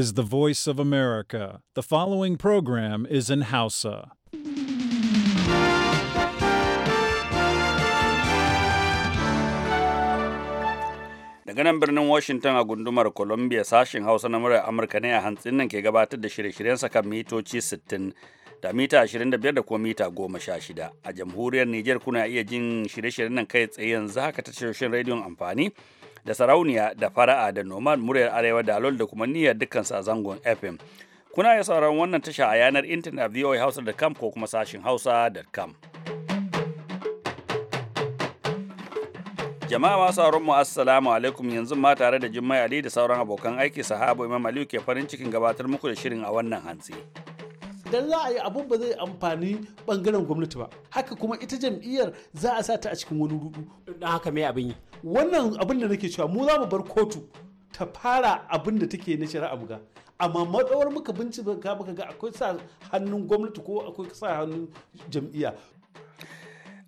is the voice of America. The following program is in Hausa. Daga nan birnin Washington a gundumar Columbia sashen Hausa na murar Amurka ne a hantsin nan ke gabatar da shirye-shiryensa kan mitoci 60. da mita 25 da kuma mita 16 a jamhuriyar Nijar kuna iya jin shirye-shiryen nan kai tsaye yanzu haka ta shirye-shiryen rediyon amfani da sarauniya da fara'a da noman muryar arewa da alol da kuma niyyar dukkan a zangon fm kuna iya sauran wannan tasha a yanar intanet a voahausa.com ko kuma sashin hausa.com jama'a masu sauran mu assalamu alaikum yanzu ma tare da jummai ali da sauran abokan aiki sahabo imam aliyu ke farin cikin gabatar muku da shirin a wannan hantsi dan za a yi abun ba zai amfani bangaren gwamnati ba haka kuma ita jam'iyyar za a sa ta a cikin wani rudu don haka mai abin yi wannan abin da nake cewa mu za mu bar kotu ta fara abin da take na shari'a buga amma matsawar muka bincika muka ga akwai sa hannun gwamnati ko akwai sa hannun jam'iyya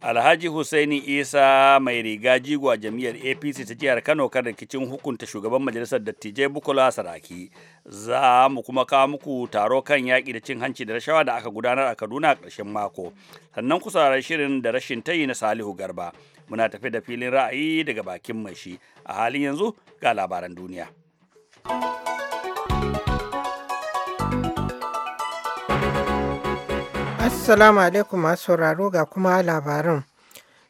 alhaji Hussaini isa mai riga jigo a jam'iyyar apc ta jihar kano kan rikicin hukunta shugaban majalisar dattijai bukola saraki za mu kuma kawo muku taro kan yaƙi da cin hanci da rashawa da aka gudanar a kaduna a ƙarshen mako sannan ku shirin da rashin tayi na salihu garba muna tafi da filin ra'ayi daga bakin mai shi a halin yanzu ga labaran duniya assalamu alaikum masu sauraro ga kuma labaran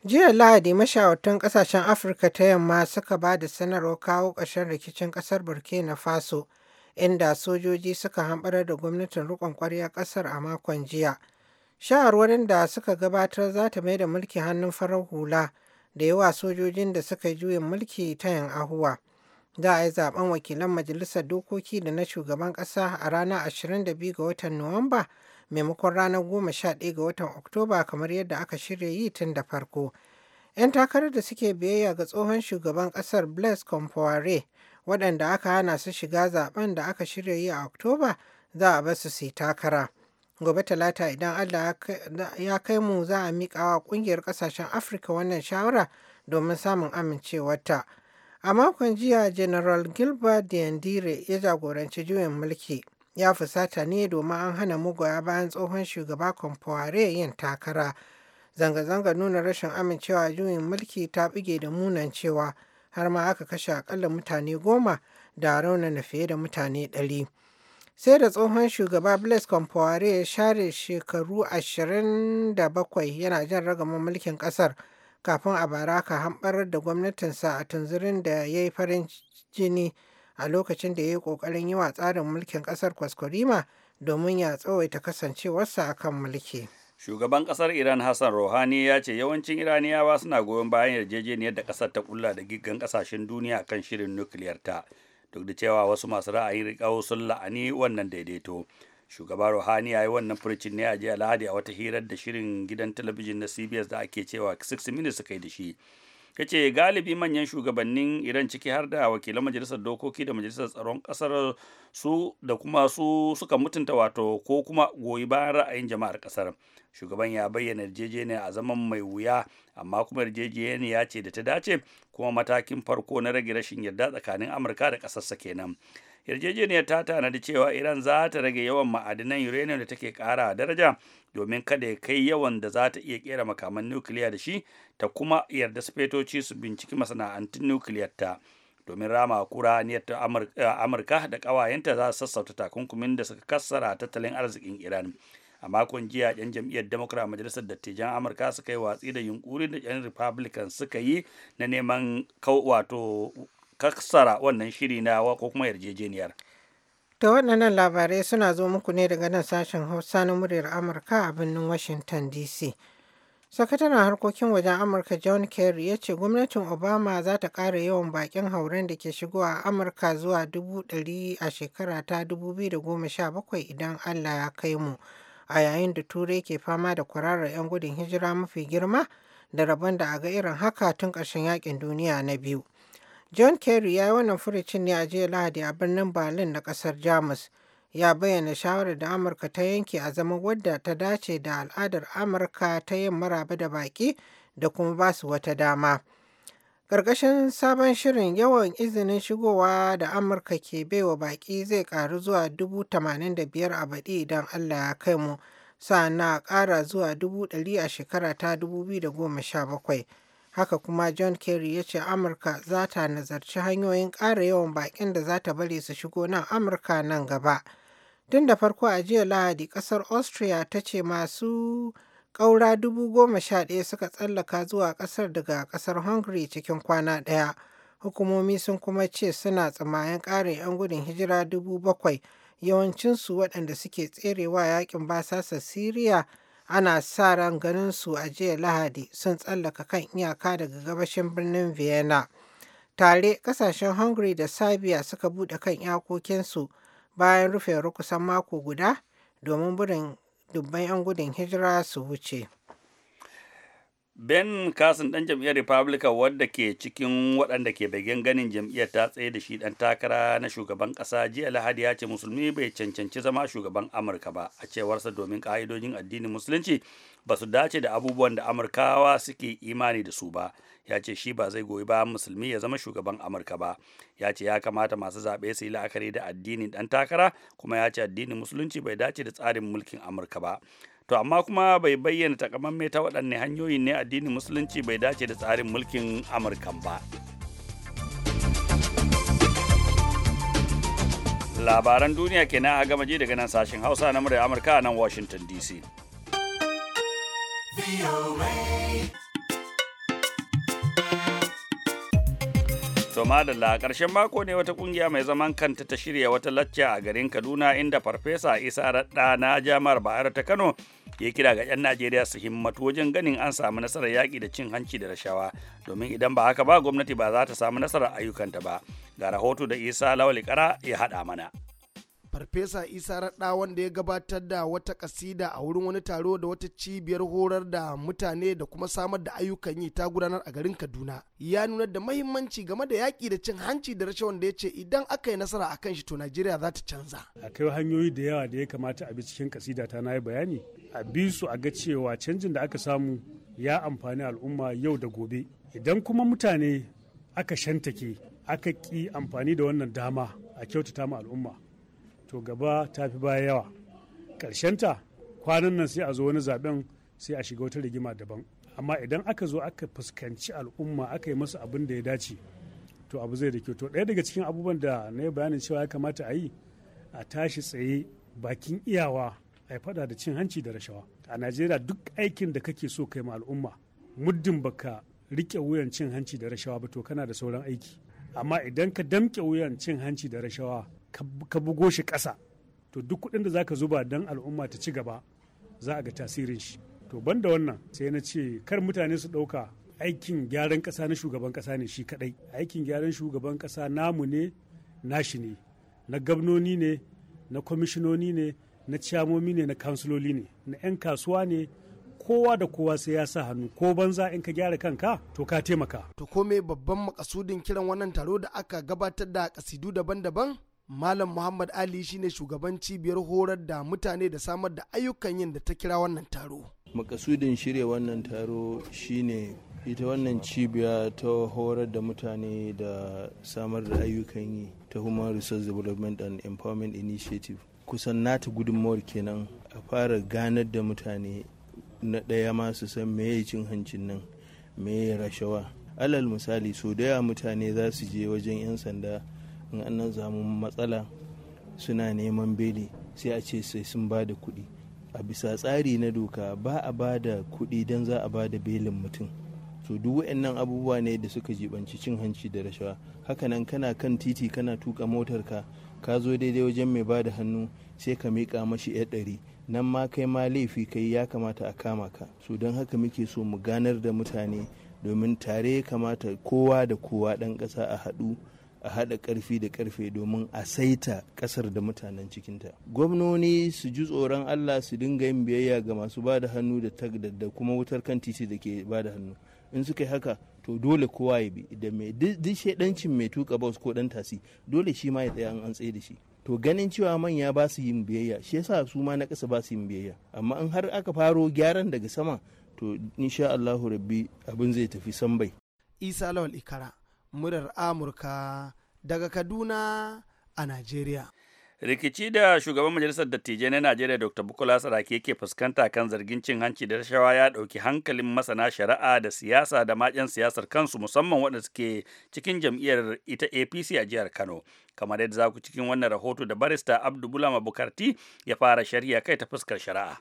jiya lahadi mashawartan kasashen afirka ta yamma suka ba da sanarwar kawo ƙarshen rikicin ƙasar burkina faso inda sojoji suka hamɓarar da gwamnatin riƙon ƙwarya ƙasar a makon jiya shawarwarin da suka gabatar za ta mai da mulki hannun farar hula da yawa sojojin da suka juyin mulki ta yin ahuwa. Za a yi zaben wakilan majalisar dokoki da na shugaban ƙasa a ranar 22 ga watan Nuwamba maimakon ranar 11 ga watan Oktoba kamar yadda aka shirya yi tun da farko. 'Yan takarar da suke biyayya ga tsohon shugaban ƙasar Blaise Compaoré waɗanda aka hana su shiga zaben da aka shirya yi a Oktoba za a basu su yi takara. gobe talata idan allah ya kai mu za a miƙa wa ƙungiyar ƙasashen afirka wannan shawara domin samun amincewarta a makon jiya general gilbert diandire ya jagoranci juyin mulki ya fusata ne domin an hana mugoya bayan tsohon shugaba kwamfaware yin takara zanga-zanga nuna rashin amincewa juyin mulki ta bige da munan cewa har ma aka kashe akalla mutane goma da raunana fiye da mutane ɗari. sai da tsohon shugaba blaise compaore ya share shekaru 27 yana jan ragaman mulkin kasar kafin a baraka ka da gwamnatinsa a tunzurin da ya yi farin jini a lokacin da ya yi ƙoƙarin yi wa tsarin mulkin ƙasar kwaskwarima domin ya tsawaita kasancewarsa a kan mulki. Shugaban kasar Iran Hassan rohani ya ce yawancin Iraniyawa suna goyon bayan yarjejeniyar da ƙasar ta kulla da giggan kasashen duniya kan shirin nukiliyarta. duk da cewa wasu masu ra'ayin riƙa sun la'ani wannan daidaito shugaba ruhani ya yi wannan furcin ne a jiya lahadi a wata hirar da shirin gidan talabijin na cbs da ake cewa 60 minutes suka yi da shi ta ce galibi manyan shugabannin iran ciki har da wakilan majalisar dokoki da majalisar tsaron kasar su da kuma su suka mutunta wato ko kuma goyi bayan ra'ayin jama'ar kasar shugaban ya bayyana yarjejeniya a zaman mai wuya amma kuma yarjejeniya ce da ta dace kuma matakin farko na rage rashin yarda tsakanin amurka da ƙasarsa kenan yarjejeniyar ta tanadi cewa iran za ta rage yawan ma'adinan uranium da take kara a daraja domin kada ya kai yawan da za ta iya kera makaman nukiliya da shi ta kuma yarda sufetoci su binciki masana'antun nukiliyar ta domin rama kura niyyar eh, amurka da ƙawayenta za su sassauta takunkumin da suka kassara tattalin arzikin iran a makon jiya yan jam'iyyar democrat majalisar dattijan amurka suka yi watsi da yunkurin da yan republican suka yi na neman wato kaksara wannan shiri na wako kuma yarjejeniyar ta waɗannan labarai suna zo muku ne daga nan sashen hausa na muryar amurka a birnin washington dc sakataren harkokin wajen amurka john kerry ya ce gwamnatin obama za ta ƙara yawan baƙin hauren da ke shigowa a amurka zuwa dubu ɗari a shekara ta bakwai idan allah ya kai mu a yayin da turai ke fama da kwararar 'yan gudun hijira mafi girma da rabon da a ga irin haka tun ƙarshen Yaƙin duniya na biyu John Kerry ya yi wannan furucin ne a jiya Lahadi a birnin Berlin na ƙasar Jamus. Ya bayyana shawarar da Amurka ta yanke a zaman wadda ta dace da al'adar Amurka ta yin maraba da baƙi da kuma ba su wata dama. Ƙarƙashin sabon shirin yawan izinin shigowa da Amurka ke baiwa baƙi zai ƙaru zuwa dubu tamanin da biyar a baɗi idan Allah ya kai mu, sa na ƙara zuwa dubu ɗari a shekara ta dubu da goma sha bakwai. Haka kuma John Kerry ya ce Amurka za ta nazarci hanyoyin ƙara yawan baƙin da za ta bari su shigo nan Amurka nan gaba. Tun da farko a jiya Lahadi, kasar Austria ta ce masu ƙaura dubu goma sha ɗaya suka tsallaka zuwa ƙasar daga ƙasar Hungary cikin kwana ɗaya. Hukumomi sun kuma ce suna tsamayen ƙara 'yan gudun hijira dubu bakwai yawancinsu waɗanda suke tserewa yakin basasa Siriya ana sa ran ganin su a jiya lahadi sun tsallaka kan iyaka daga gabashin birnin vienna tare kasashen hungary da serbia suka bude kan iyakokinsu bayan rufe rukusan mako guda domin burin dubban 'yan gudun hijira su wuce ben kasin dan jam'iyyar republican wadda ke cikin waɗanda ke begen ganin jam'iyyar ta tsaye da shi dan takara na shugaban ƙasa jiya lahadi ya ce musulmi bai cancanci zama shugaban amurka ba a cewarsa domin ƙa'idojin addinin musulunci ba su dace da abubuwan da amurkawa suke imani da su ba ya ce shi ba zai goyi ba musulmi ya zama shugaban amurka ba ya ce ya kamata masu zaɓe su yi la'akari da addinin ɗan takara kuma ya ce addinin musulunci bai dace da tsarin mulkin amurka ba to amma kuma bai bayyana takamamme ta waɗanne hanyoyin ne addinin musulunci bai dace da tsarin mulkin amurkan ba labaran duniya kenan a gama ji daga nan sashen hausa na murya amurka a nan washington dc To madalla ƙarshen mako ne wata ƙungiya mai zaman kanta ta shirya wata lacca a garin Kaduna inda Farfesa Isa al-Raɗa na Jami'ar Bayero ta Kano ya kira ga 'yan najeriya su himmatu wajen ganin an samu nasarar yaƙi da cin hanci da rashawa domin idan ba haka ba gwamnati ba za ta samu nasarar ayyukanta ba ga rahoto da isa lawali kara ya haɗa mana farfesa isa raɗa wanda ya gabatar da wata kasida a wurin wani taro da wata cibiyar horar da mutane da kuma samar da ayyukan yi ta gudanar a garin kaduna ya nuna da mahimmanci game da yaƙi da cin hanci da rashe wanda ya ce idan aka yi nasara akan shi to najeriya za ta canza akwai hanyoyi da yawa da ya kamata a bi cikin kasida ta na yi bayani a bi su a ga cewa canjin da aka samu ya amfani al'umma yau da gobe idan kuma mutane aka shantake aka ki amfani da wannan dama a kyautata ma al'umma to gaba ta fi baya yawa ta kwanan nan sai a zo wani zaben sai a shiga wata rigima daban amma idan aka zo aka fuskanci al'umma aka yi masu abin da ya dace to abu zai da kyau to ɗaya daga cikin abubuwan da na yi bayanin cewa ya kamata a yi a tashi tsaye bakin iyawa a yi fada da cin hanci da rashawa a najeriya duk aikin da kake so kai ma al'umma muddin baka rike wuyan cin hanci da rashawa ba to kana da sauran aiki amma idan ka damke wuyan cin hanci da rashawa ka bugo shi ƙasa to duk kuɗin da za ka zuba don al'umma ta ci gaba za a ga tasirin shi to ban da wannan sai na ce kar mutane su ɗauka aikin gyaran ƙasa na shugaban ƙasa ne shi kaɗai aikin gyaran shugaban ƙasa namu ne nashi ne na gabnoni ne na kwamishinoni ne na ciyamomi ne na kansuloli ne na 'yan kasuwa ne kowa da kowa sai ya sa hannu ko banza in ka gyara kanka to ka taimaka. To kome babban makasudin kiran wannan taro da aka gabatar da kasidu daban-daban Malam Muhammad Ali shine shugaban cibiyar horar da mutane da samar da ayyukan yin da ta kira wannan taro. Makasudin shirya wannan taro shine ita wannan cibiya ta horar da mutane da samar da ayyukan yi ta Human Resource Development and Empowerment Initiative. Kusan nata gudunmawar kenan a fara ganar da mutane na ɗaya masu san meye cin hancin nan meye rashawa. Alal misali so da mutane za su je wajen 'yan sanda in an zamu matsala suna neman beli sai a ce sai sun ba da kuɗi a bisa tsari na doka ba a ba da kuɗi don za a ba da belin mutum to duk wa'annan abubuwa ne da suka jibanci cin hanci da rashawa hakanan kana kan titi kana tuka motar ka ka zo daidai wajen mai ba da hannu sai ka miƙa mashi ya ɗari nan ma kai ma laifi kai ya kamata a kama ka so don haka muke so mu ganar da mutane domin tare ya kamata kowa da kowa ɗan ƙasa a haɗu a haɗa ƙarfi da ƙarfe domin a saita ƙasar da mutanen cikinta gwamnoni su ji tsoron allah su dinga yin biyayya ga masu ba da hannu da tag da kuma wutar kan titi da ke ba da hannu in suka yi haka to dole kowa ya bi da mai duk shaidancin mai tuka bus ko dan tasi dole shi ma ya tsaya an tsaye da shi to ganin cewa manya ba su yin biyayya shi yasa su ma na ƙasa ba su yin biyayya amma in har aka faro gyaran daga sama to insha Allahu rabbi abin zai tafi sambai isa lawal ikara murar amurka daga kaduna a najeriya rikici da shugaban majalisar dattijai na najeriya dr bukola sarake yake fuskanta kan zargin cin hanci da rashawa ya ɗauki hankalin masana shari'a da siyasa da maƙin siyasar kansu musamman waɗanda suke cikin jam'iyyar ita apc a jihar kano kamar yadda za ku cikin wannan rahoto da barista abdu bulama bukarti ya fara shari'a kai ta fuskar shari'a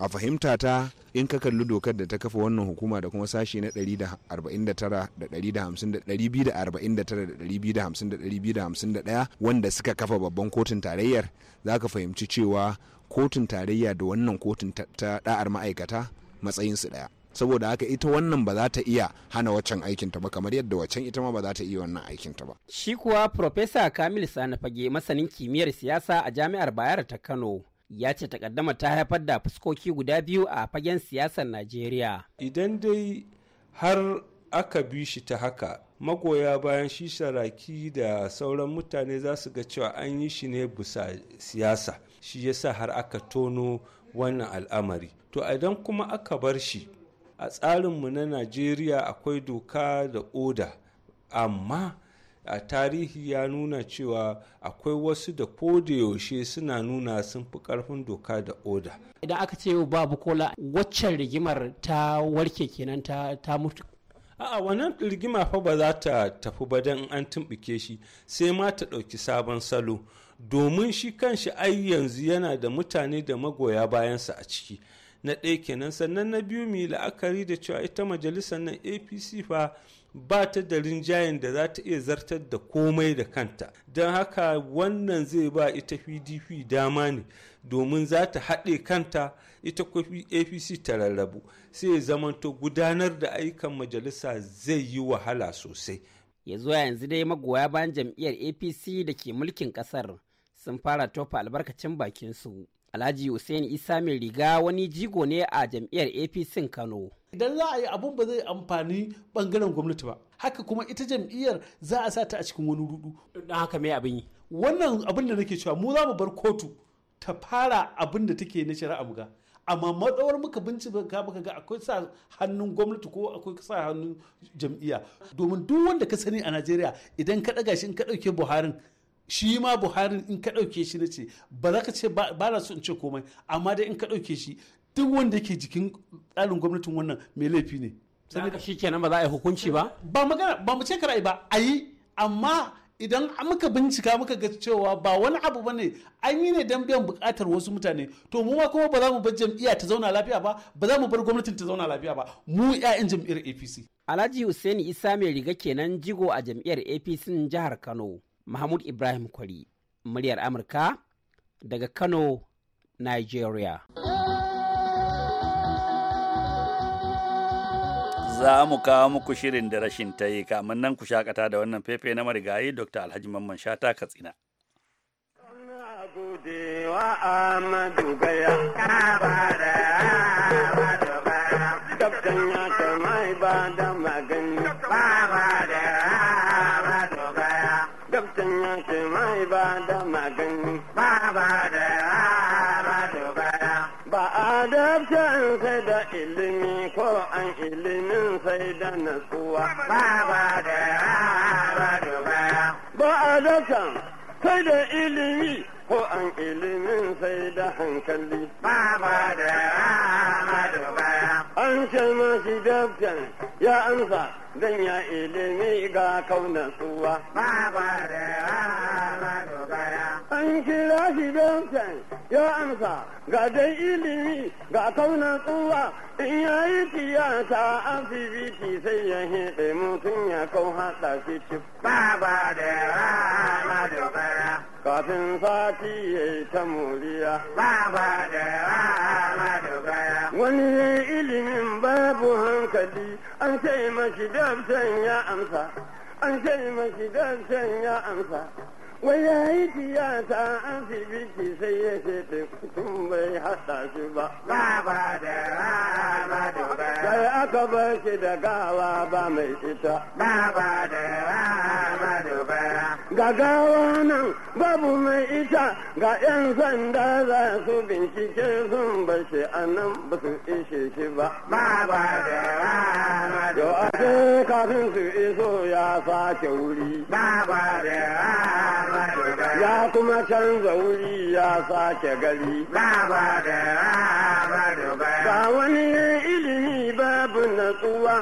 a fahimta ta in ka kalli dokar da ta kafa wannan hukuma da kuma sashi na 149 wanda suka kafa babban kotun tarayyar za ka fahimci cewa kotun tarayya da wannan kotun ta da'ar ma'aikata matsayin su daya saboda haka ita wannan ba za ta iya hana waccan aikin ta ba kamar yadda waccan ita ma ba za ta iya wannan aikin ta ba shi kuwa profesa kamil sanafage masanin kimiyyar siyasa a jami'ar bayar ta kano ya ce takaddama ta haifar da fuskoki guda biyu a fagen siyasar najeriya idan dai har aka bi shi ta haka magoya bayan shi sharaki da sauran mutane za su ga cewa an yi shi ne bisa siyasa shi yasa har aka tono wannan al'amari to idan kuma aka bar shi a tsarinmu na najeriya akwai doka da oda amma a tarihi ya nuna cewa akwai wasu da ko da yaushe suna nuna sun fi karfin doka da oda idan aka ce babu kola waccan rigimar ta warke kenan ta mutu a'a wannan rigima fa ba za ta tafi ba don an tumbike shi sai ma ta ɗauki sabon salo domin shi kanshi ai yanzu yana da mutane da magoya bayansa a ciki na ɗaya kenan sannan na biyu mai la'akari da cewa ita majalisar nan apc fa ba ta da rinjayen da za ta iya zartar da komai da kanta don haka wannan zai ba ita pdp dama ne domin za ta haɗe kanta ita kwafi apc ta rarrabu sai ya zamanta gudanar da ayyukan majalisa zai yi wahala sosai ya zuwa yanzu dai magoya bayan jam'iyyar apc da ke mulkin ƙasar sun fara tofa albarkacin bakin su. Alhaji Hussein Isa mai riga wani jigo ne a jam'iyyar APC Kano. Idan za a yi abun ba zai amfani bangaren gwamnati ba. Haka kuma ita jam'iyyar za a sa ta a cikin wani rudu. Don haka mai abin yi. Wannan abin da nake cewa mu za mu bar kotu ta fara abin da take na shari'a buga. Amma matsawar muka bincika muka ga akwai sa hannun gwamnati ko akwai sa hannun jam'iyya. Domin duk wanda ka sani a Najeriya idan ka ɗaga shi in ka ɗauke Buharin shi ma buhari in ka ɗauke shi na ce ba za ka ce ba na so in ce komai amma dai in ka ɗauke shi duk wanda yake jikin tsarin gwamnatin wannan mai laifi ne saboda shi kenan ba za a yi hukunci ba ba magana ba mu ce kar ba a yi amma idan muka bincika muka ga cewa ba wani abu bane an yi ne don biyan bukatar wasu mutane to mu ma kuma ba za mu bar jam'iyya ta zauna lafiya ba ba za mu bar gwamnatin ta zauna lafiya ba mu ƴaƴan jam'iyyar APC Alhaji Hussein Isa mai riga kenan jigo a jam'iyyar APC jihar Kano Mahmud Ibrahim Kwari, muryar Amurka daga Kano, Nigeria. Za mu kawo muku shirin da rashin ta yi kamun nan ku shakata da wannan fefe na marigayi Dr. Alhaji Mamman Shata Katsina. Wa Amadu Gaya, da magani ba ba da ba da ba ba adabtan sai da ilimi ko an ilimin sai da natsuwa ba ba da ba da ba ba adabtan sai da ilimi ko an ilimin sai da hankali ba ba da ba da ba an ce ma shi dabtan ya amsa dan ya ilimi ga kauna suwa. Baba da ya dogara. An ma shi dabtan ya amsa ga dai ilimi ga kauna suwa in ya yi tiyata fifiti sai ya hiɗe mutum ya kau haɗa shi cif. Baba da ya kafin sati ya yi ta moriya. Baba da Ahmadu Gaya. Wani ya ilimin babu hankali, an ce mashi ya amsa, an mashi dabtan ya amsa. wai ya yi tiyata an fi birki sai ya ce ta tekun bai haɗa shi ba. Baba da rama dube. Sai aka bar shi da gawa ba mai ita. Baba da rama dube. Ga gawa nan babu mai ita ga 'yan sanda za su bincike sun bar shi a nan ba su ishe shi ba. Baba da rama dube. Yau a kafin su iso ya sake wuri. Baba da rama ya kuma canza wuri ya sake gari ba wani ilimi babu natsuwa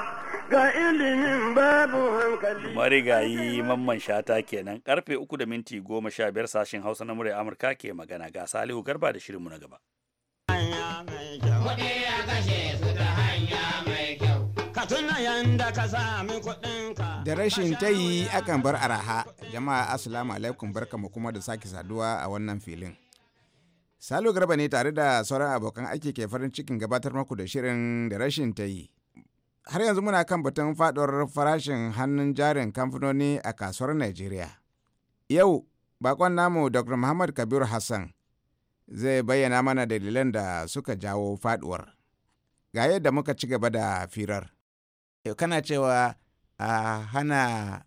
ga ilimin babu hankali marigayi mamman shata kenan karfe uku da minti goma sha biyar sashen hausa na murya amurka ke magana ga salihu garba da shirinmu na gaba kashe su ta hanya mai kyau ka tuna yanda ka sami ka. da rashin ta yi akan bar araha jama'a assalamu alaikum barkamu kuma da sake saduwa a wannan filin salo garba ne tare da sauran abokan aiki ke farin cikin gabatar maku da shirin da rashin ta yi har yanzu muna kan batun faɗuwar farashin hannun jarin kamfanoni a kasuwar nigeria. yau bakon namu dr muhammad kabir hassan zai bayyana mana dalilan da suka jawo faduwar ga yadda muka ci gaba da firar kana cewa a hana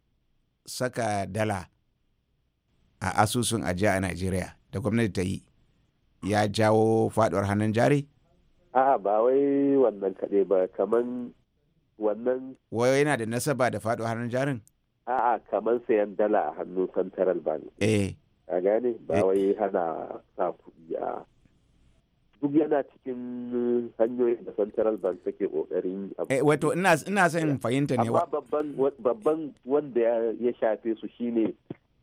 saka dala a asusun ajiya a Najeriya da gwamnati ta yi ya jawo faduwar hannun jari? A'a ba wai wannan kaɗai ba kamar wannan. Wai yana da nasaba da faduwar hannun jarin? A'a kaman sayan dala a hannun Central Bank. Eh. A gane ba eh. wai hana sa kuɗi a duk yana cikin eh, hanyoyin da central bank take kokarin eh wato ina ina son fahimta ne wa babban babban wanda ya shafe su shine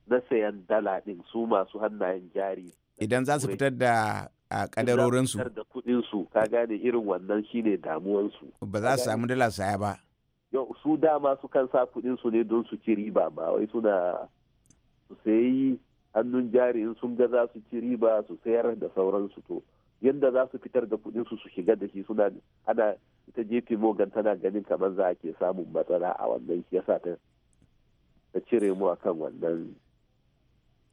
na sayan dala din su masu hannayen jari idan za su fitar da a kadarorin su da kudin su ka gane irin wannan shine damuwan su ba za su samu dala saya ba yau su dama su kan sa kudin su ne don su ci riba ba wai suna su sayi hannun jari in sun ga za su ci riba su sayar da sauransu to yadda za su fitar da kudin su su shiga da shi suna ana ita jefi morgan tana ganin kamar za a ke samun matsala a wannan shi yasa ta ta cire mu akan wannan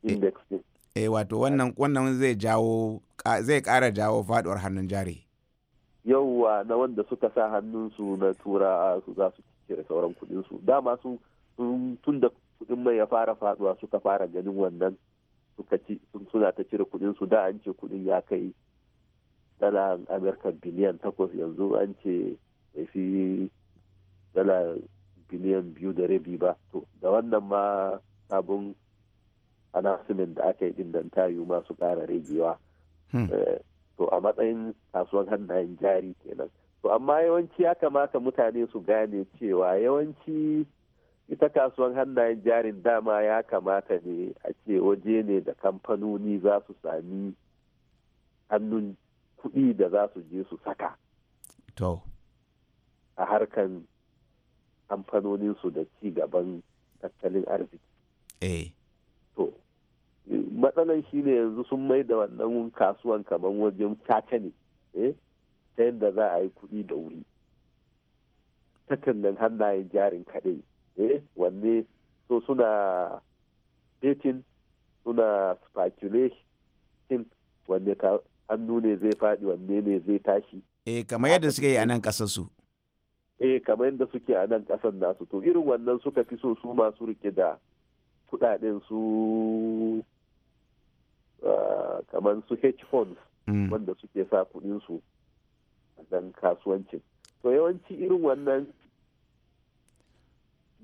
eh. index din eh wato wannan wannan zai jawo zai kara jawo faduwar hannun jari yauwa na wanda suka sa hannun su na tura su za su cire sauran kudin su dama su tun da kuɗin mai ya fara faduwa suka fara ganin wannan suka ci suna ta cire kudin su da an ce kuɗin ya kai dala amurka biliyan takwas yanzu an ce bai fi dala biliyan biyu da rabi ba to da wannan ma sabon anasimin da aka yi din yi tayu masu kara ragewa hmm. eh, to a matsayin kasuwan hannayen jari kenan to amma yawanci ya kamata mutane su gane cewa yawanci ita kasuwan hannayen jarin dama ya kamata ne a ce waje ne da kamfanoni za su sami hannun kuɗi da za su je su saka a harkan amfanoninsu da ci gaban tattalin arziki eh to matsalan shi ne yanzu sun mai da wannan kasuwan kamar wajen caca ne eh, ta yadda za a yi kuɗi da wuri takannan hannayen jarin kaɗai eh, wanne so suna betin suna speculation wanne hannu ne zai faɗi wanne ne zai tashi eh kamar yadda suke yi a nan ƙasar su eh kamar yadda suke a nan ƙasar nasu to irin wannan suka fi so su masu rike da kuɗaɗen su ah, kamar su hedge funds mm. wanda suke sa kuɗin su dan kasuwancin to yawanci irin wannan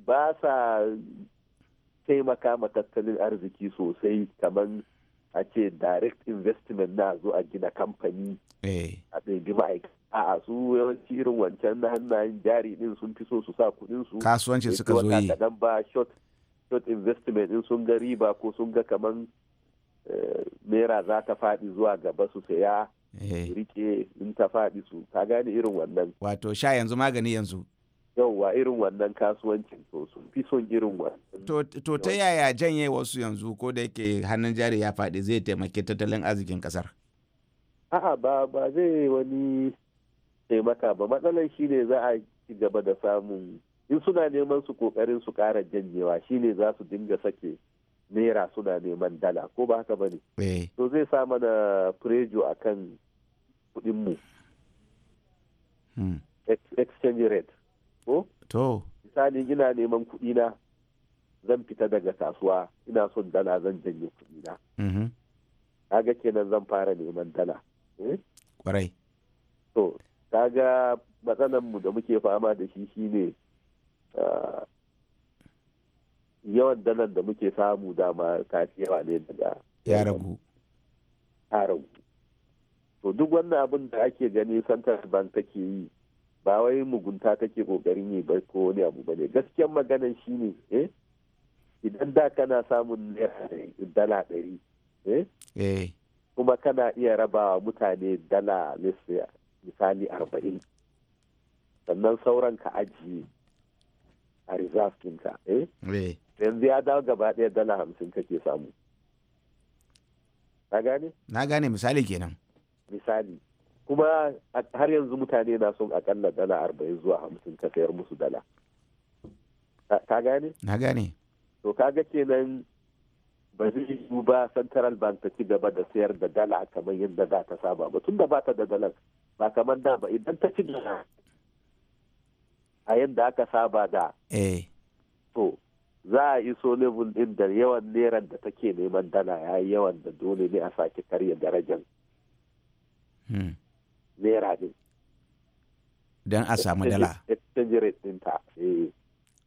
ba sa taimaka ma tattalin arziki sosai kamar a ce direct investment na zo a gina kamfani eh. a ɗaiɗi ma'aikata a su yawanci irin wancan na hannayen jari ɗin sun fi so su sa kuɗin su kasuwancin suka zo yi kaɗan ba short investment din sun ga riba ko sun ga kaman eh, naira za ta faɗi zuwa gaba su saya eh. rike in ta faɗi su ka gane irin wannan wato sha yanzu magani yanzu yauwa irin wannan kasuwancin to sun fi son irin wannan. To ta yaya janye wasu yanzu ko da yake hannun jari ya faɗi zai taimaki tattalin arzikin ƙasar? A'a ba ba zai wani taimaka ba matsalar shi ne za a ci gaba da samun in suna neman su kokarin su ƙara janyewa shi ne za su dinga sake naira suna neman dala ko ba haka ba ne. Eh. To zai sa mana furejo kan kuɗinmu. Hmm. Exchange rate. ko to misali ina neman kuɗi na zan fita daga kasuwa ina son dala zan janye kuɗi na mhm. kaga kenan zan fara neman dala eh? kwarai to kaga matsalan mu da muke fama da shi shine ah, yawan dalan da muke samu dama ta kashewa ne daga ya ragu to duk wannan abin da ake gani central bank take yi ba wai mugunta kake kokarin yi ba ko wani abu bane gaskiyar maganan shi eh idan da kana samun dala ɗari eh, eh kuma kana iya rabawa mutane dala misali arba'in sannan sauran ka ajiye a reserve ɗinka eh, eh. yanzu ya dawo gaba ɗaya dala hamsin kake samu na gane na gane misali kenan misali kuma har yanzu mutane na son akalla dala arba'in zuwa hamsin ka sayar musu dala ka gane na gane to kaga kenan ba zai yi ba central bank ta ci gaba da sayar da dala kamar yadda za ta saba ba tun da ba ta da dalar ba kamar da ba idan ta ci dala a yadda aka saba da eh. to za a iso level din da yawan neran da take neman dala ya yi yawan da dole ne a sake karya darajar hmm. naira din don a samu dala exchange rate ta. Eh.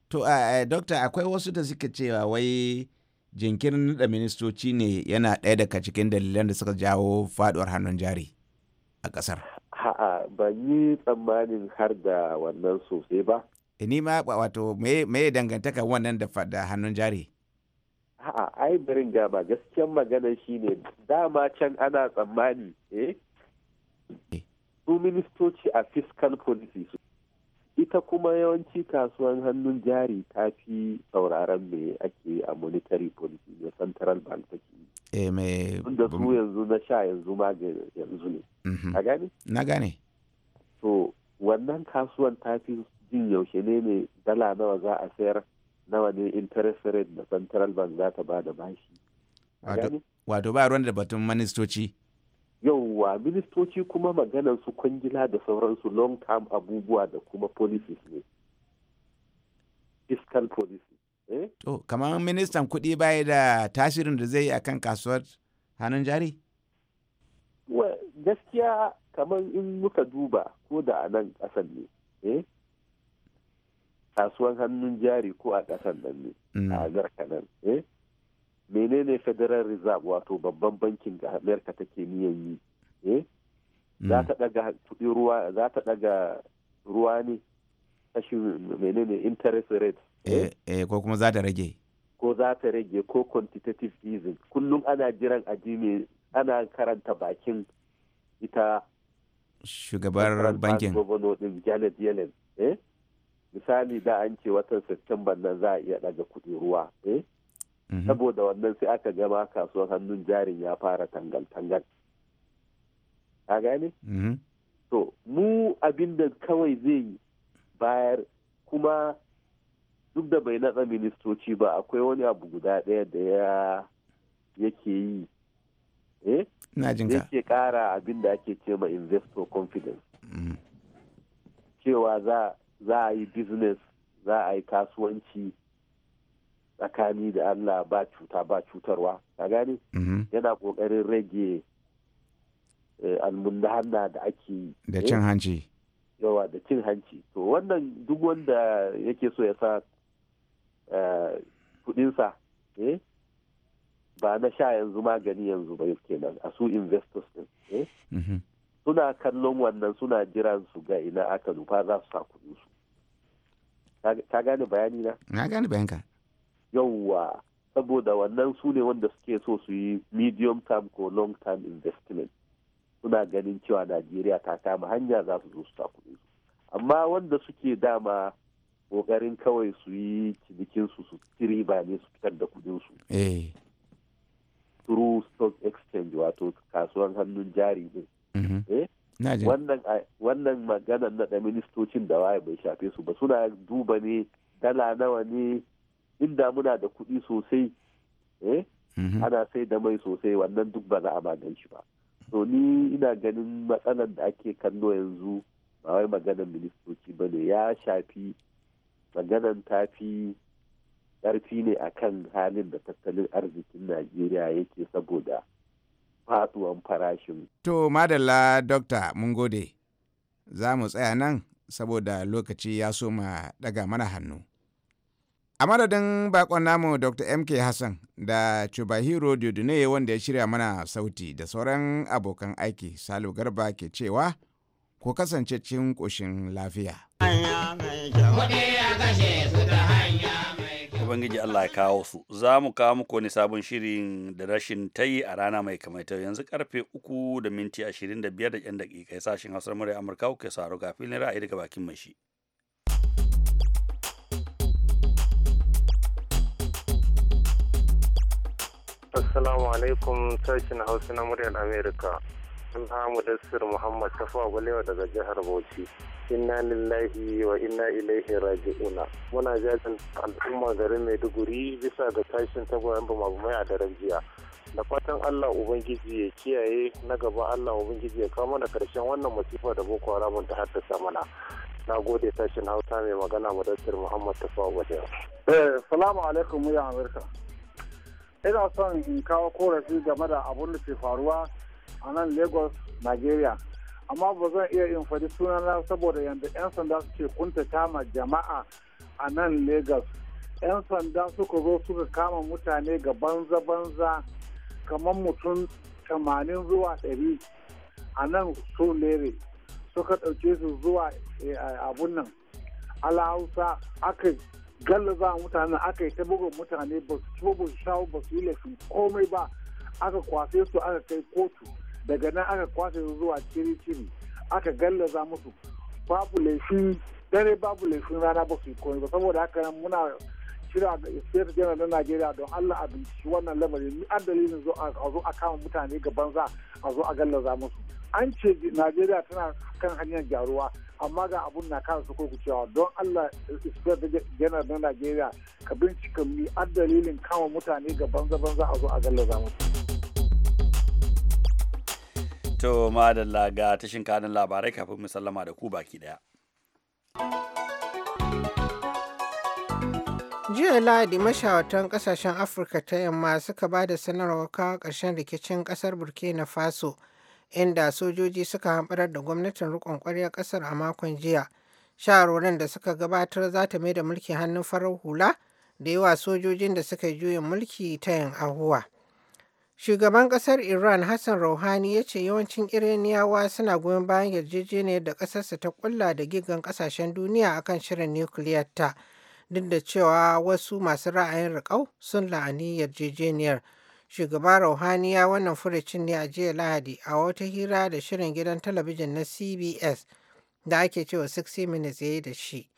to a akwai wasu da suka cewa wai jinkirin da ministoci ne yana ɗaya daga cikin dalilan da suka jawo faduwar hannun jari a ƙasar ha'a ba yi tsammanin har da wannan sosai ba eh, ni ma wato me dangantaka wannan da hannun jari a'a ai birin gama gaskiyan magana shine dama can ana tsammani eh, eh. su ministoci a fiscal policy su ita kuma yawanci kasuwan hannun jari ta fi sauraron me ake a monetary policy na central bank take eh me da su yanzu na sha yanzu ma yanzu ne mhm. a gane na gane to wannan kasuwan ta fi jin yaushe ne ne dala nawa za a sayar nawa ne interest rate na central bank za ta ba da bashi wato ba ruwan da batun ministoci yauwa ministoci kuma maganan su kwangila da sauransu long term abubuwa da kuma policies ne fiscal policy eh? to kamar ministan kuɗi baya da tasirin da zai yi akan kasuwar hannun jari gaskiya kamar in muka duba ko da a nan ƙasan ne eh? kasuwan hannun jari ko a ƙasan nan ne mm. a garka nan eh? menene federal reserve wato babban bankin amerika take niyan yi eh? hmm. za ta daga kudin ruwa za ta daga ruwa ne kashi menene interest rate eh? Eh, eh ko kuma za ta rage ko za ta rage ko quantitative easing kullum ana jiran aji ana karanta bakin ita shugabar bankin din janet yellen misali da an ce watan september nan za a iya daga kuɗin ruwa Mm-hmm. saboda wannan sai aka gama kasuwar hannun jarin ya fara tangal-tangal a gane? Mm-hmm. to mu abin da kawai zai bayar kuma duk da bai natsa ministoci ba akwai wani abu guda ɗaya da ya yake yi eh? yake ƙara abin da ake ce ma investor confidence mm-hmm. cewa za a yi business za a yi kasuwanci tsakani da Allah ba cuta ba cutarwa Ka gani mhm. yana kokarin rage eh, almunna da ake da cin eh? hanci yawa da cin hanci to wannan duk wanda yake so ya sa eh, kudinsa ba na sha yanzu magani yanzu ba kenan a su investors din mhm. suna kallon wannan suna jiran su ga ina aka nufa za su sa kudinsu ka gane bayani na na gane bayanka yauwa saboda wannan su ne wanda suke so su yi medium term ko long term investment suna ganin cewa najeriya ta kama hanya za su zo su ta su amma wanda suke dama kokarin kawai su yi cinikinsu su kiri ba ne su fitar da su eh. through stock exchange wato kasuwan hannun jari ne mm-hmm. eh? wannan maganan na da ministocin da waye bai shafe su ba suna duba ne dala nawa ne inda muna da kuɗi sosai eh mhm. ana sai da mai sosai wannan duk ba za a magance ba to ni ina ganin matsalar da ake kallo yanzu ba wai maganar ministoci ba ne ya shafi maganar tafi ƙarfi ne a kan halin da tattalin arzikin najeriya yake saboda faduwan farashin to madalla dokta mun gode za mu tsaya nan saboda lokaci ya soma daga mana hannu a madadin bakon namu dr mk hassan da chubahiro dodone wanda ya shirya mana sauti da sauran abokan aiki salu garba ke cewa ku kasance cikin ƙoshin lafiya ubangiji allah ya kawo su za mu kawo muku wani sabon shirin da rashin ta yi a rana mai kamaita yanzu karfe uku da minti ashirin da biyar sashen hausar murai amurka kuke saro kafin ra'ayi daga bakin mashi. Assalamu alaikum sashen Hausa na muryar Amerika. Sunha Mudassir Muhammad Tafa Gwalewa daga jihar Bauchi. Inna lillahi wa inna ilaihi raji'una. Muna jajin al'umma garin Maiduguri bisa ga tashin tagwayen mai a daren jiya. Da fatan Allah Ubangiji ya kiyaye na gaba Allah Ubangiji ya kama da karshen wannan masifa da Boko Haramun ta haddasa mana. na gode tashin hausa mai magana madassir muhammad tafawa da eh, salamu alaikum muryar Amerika. ina son in kawo korafi game da abun da ke faruwa a nan lagos nigeria amma ba zan iya in faɗi sunana saboda yadda 'yan sanda suke kuntata ma jama'a a nan lagos 'yan sanda suka zo suka kama mutane ga banza-banza kamar mutum tamanin zuwa 100 a nan solere suka ɗauke su zuwa eh, abun nan alhausa aka gallaza mutane aka yi ta bugun mutane ba su ci ba su shawo ba su yi laifin komai ba aka kwase su aka kai kotu daga nan aka kwase su zuwa ciri-ciri aka gallaza musu babu laifin dare babu laifin rana ba su yi komai ba saboda haka nan muna kira ga state general na Najeriya don Allah a binciki wannan lamari ni an dalilin zo a zo a kama mutane gaban za a zo a gallaza musu an ce Najeriya tana kan hanyar gyaruwa amma ga abun na kan su cewa don Allah da janar na Najeriya ka bincika mi a dalilin kama mutane ga banza-banza a zo a gallaza mutu. To madalla ga tashin kanin labarai kafin mu sallama da ku baki daya. jiya lahadi mashawartan kasashen afirka ta yamma suka ba da sanarwar kawo ƙarshen rikicin ƙasar burkina faso inda sojoji suka hamɓarar da gwamnatin rukun ƙwarya ƙasar a makon jiya. Shawarorin da suka gabatar za ta mai da mulki hannun farar hula da yawa sojojin da suka juyin mulki ta yin ahuwa. Shugaban ƙasar Iran Hassan Rouhani ya ce yawancin Iraniyawa suna goyon bayan yarjejeniyar da ƙasarsa ta ƙulla da gigan ƙasashen duniya akan shirin nukiliyar ta, duk da cewa wasu masu ra'ayin riƙau sun la'ani yarjejeniyar. Shugaba Rouhani ya wannan furucin ne a jiya Lahadi a wata hira da shirin gidan talabijin na CBS da ake cewa 60 Minutes ya yi da shi.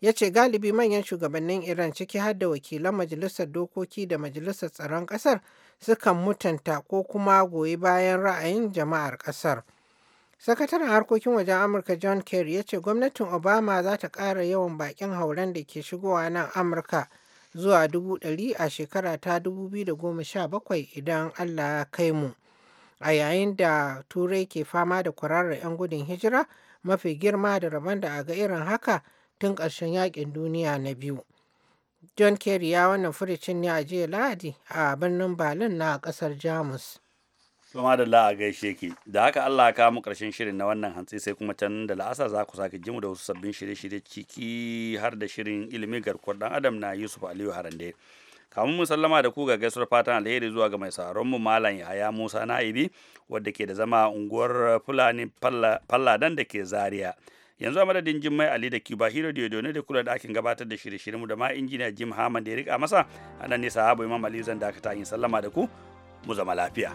Ya ce galibi manyan shugabannin Iran ciki har da wakilan Majalisar Dokoki da Majalisar Tsaron Ƙasar sukan mutunta ko kuma goyi bayan ra'ayin jama'ar ƙasar. Sakataren harkokin wajen Amurka John Kerry ya ce gwamnatin Obama za ta ƙara yawan baƙin hauren da ke shigowa nan Amurka. zuwa dubu ɗari a shekara ta dubu biyu da goma sha bakwai idan Allah ya kai mu. A yayin da Turai ke fama da kwararar 'yan gudun hijira mafi girma da rabon da a ga irin haka tun ƙarshen yakin duniya na biyu. John Kerry ya wannan furicin ne a jiya Lahadi a birnin Berlin na ƙasar Jamus. To da a gaishe ki. Da haka Allah ka mu karshen shirin na wannan hantsi sai kuma can da la'asa za ku sake jimu da wasu sabbin shirye-shirye ciki har da shirin ilimi garkuwar dan Adam na Yusuf Aliyu Harande. kamu mu sallama da ku ga gaisuwar fatan alheri zuwa ga mai sauraron mu Malam Yahaya Musa Na'ibi wadda ke da zama unguwar Fulani Falladan da ke Zaria. Yanzu a madadin Jim Mai Ali da Cuba Hero hira da kula da akin gabatar da shirye-shiryen mu da ma injiniya Jim Haman da ya rika masa anan ne sahabu Imam Ali zan dakata yin sallama da ku mu zama lafiya.